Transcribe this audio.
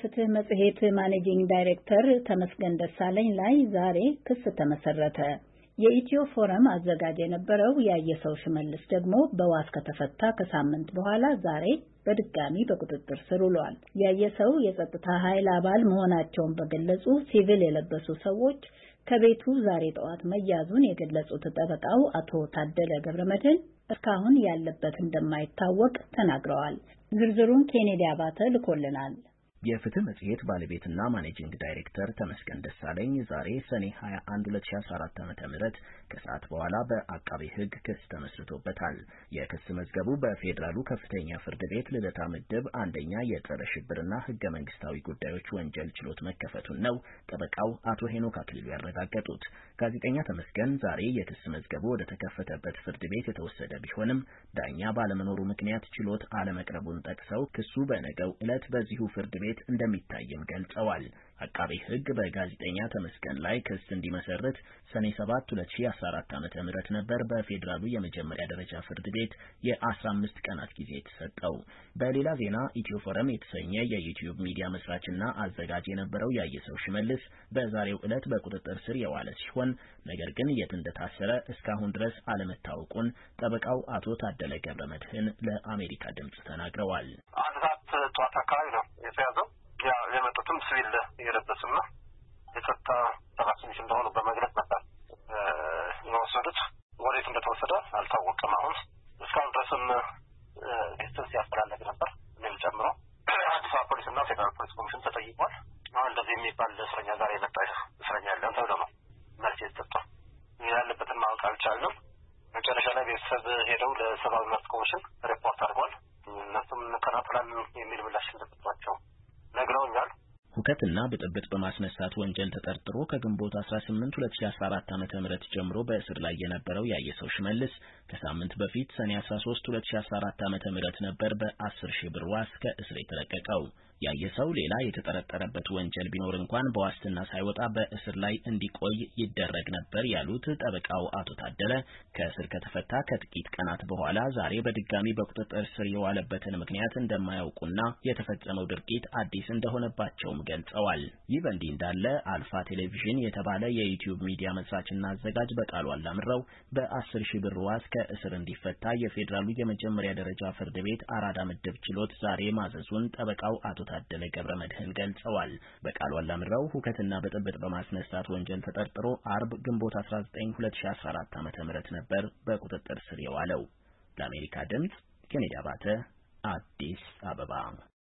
ፍትህ መጽሔት ማኔጂንግ ዳይሬክተር ተመስገን ደሳለኝ ላይ ዛሬ ክስ ተመሰረተ። የኢትዮ ፎረም አዘጋጅ የነበረው ያየሰው ሽመልስ ደግሞ በዋስ ከተፈታ ከሳምንት በኋላ ዛሬ በድጋሚ በቁጥጥር ስር ውሏል። ያየሰው የጸጥታ ኃይል አባል መሆናቸውን በገለጹ ሲቪል የለበሱ ሰዎች ከቤቱ ዛሬ ጠዋት መያዙን የገለጹት ጠበቃው አቶ ታደለ ገብረመድህን እስካሁን ያለበት እንደማይታወቅ ተናግረዋል። ዝርዝሩን ኬኔዲ አባተ ልኮልናል። የፍትህ መጽሔት ባለቤትና ማኔጂንግ ዳይሬክተር ተመስገን ደሳለኝ ዛሬ ሰኔ 21 2014 ዓ ም ከሰዓት በኋላ በአቃቢ ሕግ ክስ ተመስርቶበታል። የክስ መዝገቡ በፌዴራሉ ከፍተኛ ፍርድ ቤት ልደታ ምድብ አንደኛ የጸረ ሽብርና ህገ መንግስታዊ ጉዳዮች ወንጀል ችሎት መከፈቱን ነው ጠበቃው አቶ ሄኖክ አክሊሉ ያረጋገጡት። ጋዜጠኛ ተመስገን ዛሬ የክስ መዝገቡ ወደ ተከፈተበት ፍርድ ቤት የተወሰደ ቢሆንም ዳኛ ባለመኖሩ ምክንያት ችሎት አለመቅረቡን ጠቅሰው ክሱ በነገው ዕለት በዚሁ ፍርድ ቤት ውጤት እንደሚታይም ገልጸዋል። አቃቤ ሕግ በጋዜጠኛ ተመስገን ላይ ክስ እንዲመሰርት ሰኔ 7 2014 ዓ.ም ነበር በፌዴራሉ የመጀመሪያ ደረጃ ፍርድ ቤት የ15 ቀናት ጊዜ የተሰጠው። በሌላ ዜና ኢትዮ ፎረም የተሰኘ የዩቲዩብ ሚዲያ መስራችና አዘጋጅ የነበረው ያየሰው ሽመልስ በዛሬው ዕለት በቁጥጥር ስር የዋለ ሲሆን ነገር ግን የት እንደታሰረ እስካሁን ድረስ አለመታወቁን ጠበቃው አቶ ታደለ ገብረ መድህን ለአሜሪካ ድምፅ ተናግረዋል። አልታወቀም። አሁን እስካሁን ድረስም ቤተሰብ ሲያፈላለግ ነበር። እኔም ጨምሮ አዲስ አበባ ፖሊስ እና ፌዴራል ፖሊስ ኮሚሽን ተጠይቋል። አሁን እንደዚህ የሚባል እስረኛ ዛሬ የመጣ እስረኛ ያለን ተብሎ ነው መልስ የተሰጠው። ያለበትን ማወቅ አልቻለም። መጨረሻ ላይ ቤተሰብ ሄደው ለሰብአዊ መብት ኮሚሽን ሪፖርት አድርጓል። እነሱም እንከታተላለን የሚል ምላሽ እንደሰጧቸው ሁከትና ብጥብጥ በማስነሳት ወንጀል ተጠርጥሮ ከግንቦት 18 2014 ዓ.ም ጀምሮ በእስር ላይ የነበረው ያየሰው ሽመልስ ከሳምንት በፊት ሰኔ 13 2014 ዓ.ም ነበር በ10 ሺህ ብር ዋስ ከእስር የተለቀቀው። ያየሰው ሌላ የተጠረጠረበት ወንጀል ቢኖር እንኳን በዋስትና ሳይወጣ በእስር ላይ እንዲቆይ ይደረግ ነበር ያሉት ጠበቃው አቶ ታደለ ከእስር ከተፈታ ከጥቂት ቀናት በኋላ ዛሬ በድጋሚ በቁጥጥር ስር የዋለበትን ምክንያት እንደማያውቁና የተፈጸመው ድርጊት አዲስ እንደሆነባቸውም ገልጸዋል። ይህ በእንዲህ እንዳለ አልፋ ቴሌቪዥን የተባለ የዩቲዩብ ሚዲያ መስራችና አዘጋጅ በቃሉ አላምረው በአስር ሺህ ብር ዋስ ከእስር እንዲፈታ የፌዴራሉ የመጀመሪያ ደረጃ ፍርድ ቤት አራዳ ምድብ ችሎት ዛሬ ማዘዙን ጠበቃው አቶ ታደለ ገብረ መድህን ገልጸዋል። በቃሉ አላምረው ሁከትና ብጥብጥ በማስነሳት ወንጀል ተጠርጥሮ አርብ ግንቦት 19 2014 ዓ.ም ነበር በቁጥጥር ስር የዋለው። ለአሜሪካ ድምጽ ኬኔዲ አባተ አዲስ አበባ